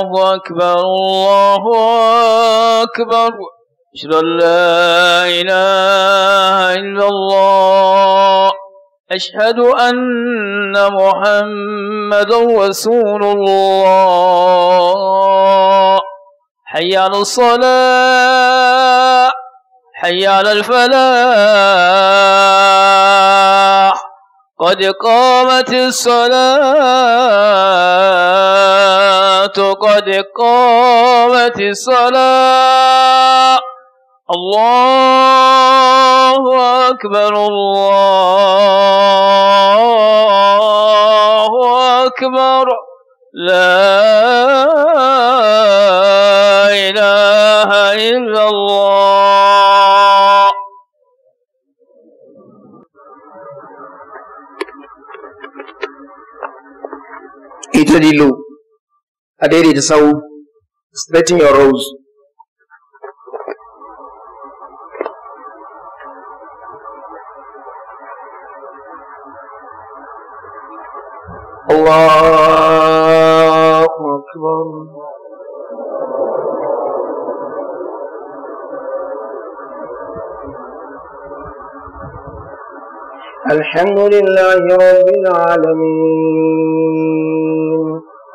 الله أكبر الله أكبر أشهد أن لا إله إلا الله أشهد أن محمدا رسول الله حي على الصلاة حي على الفلاح قد قامت الصلاة قد قامت الصلاة الله أكبر الله أكبر لا sitari low a daidaita sau straighten your rows الله أكبر الحمد لله رب العالمين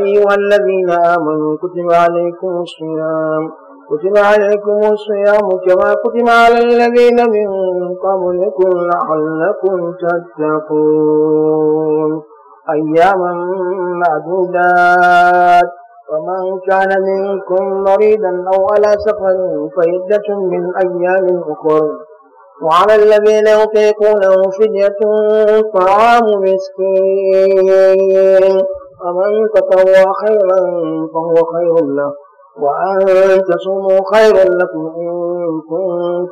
أيها الذين آمنوا كتب عليكم الصيام كتب عليكم الصيام كما كتب على الذين من قبلكم لعلكم تتقون أياما معدودات ومن كان منكم مريدا أو على سفر فعدة من أيام أخر وعلى الذين يطيقونه فدية طعام مسكين فمن تطوع خيرا فهو خير له وأن تصوموا خير لكم إن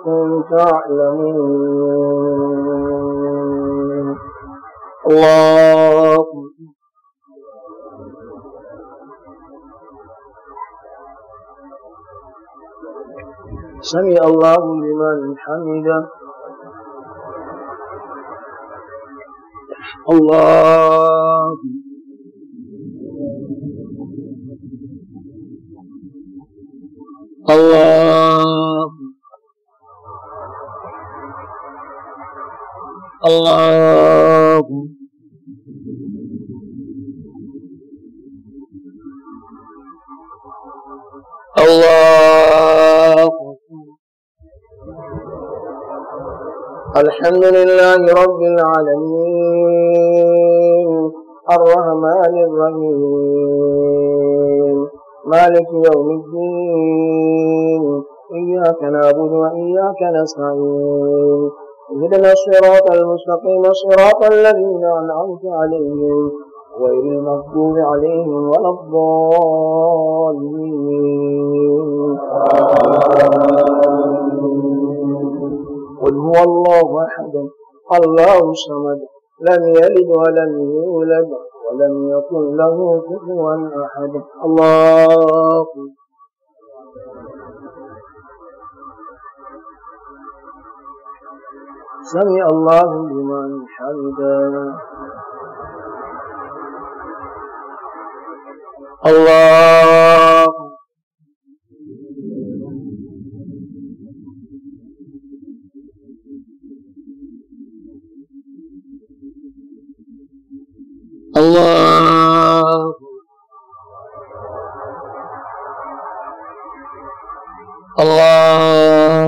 كنتم تعلمون الله سمع الله لمن حمده الله الله الله الله الحمد لله رب العالمين الرحمن الرحيم مالك يوم الدين إياك نعبد وإياك نستعين اهدنا الصراط المستقيم صراط الذين أنعمت عليهم غير المغضوب عليهم ولا الضالين قل هو الله أحد الله الصمد لم يلد ولم يولد ولم يكن له كفوا أحد الله سمع الله لمن حمدا الله اللہ اللہ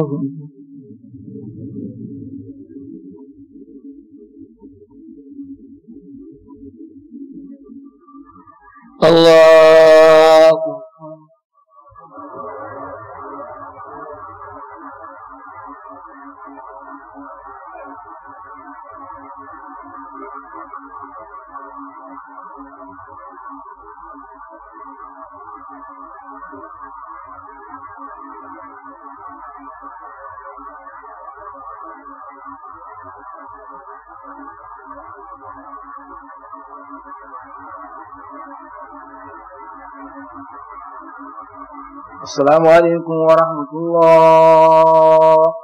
اللہ Assalamualaikum warahmatullahi wabarakatuh.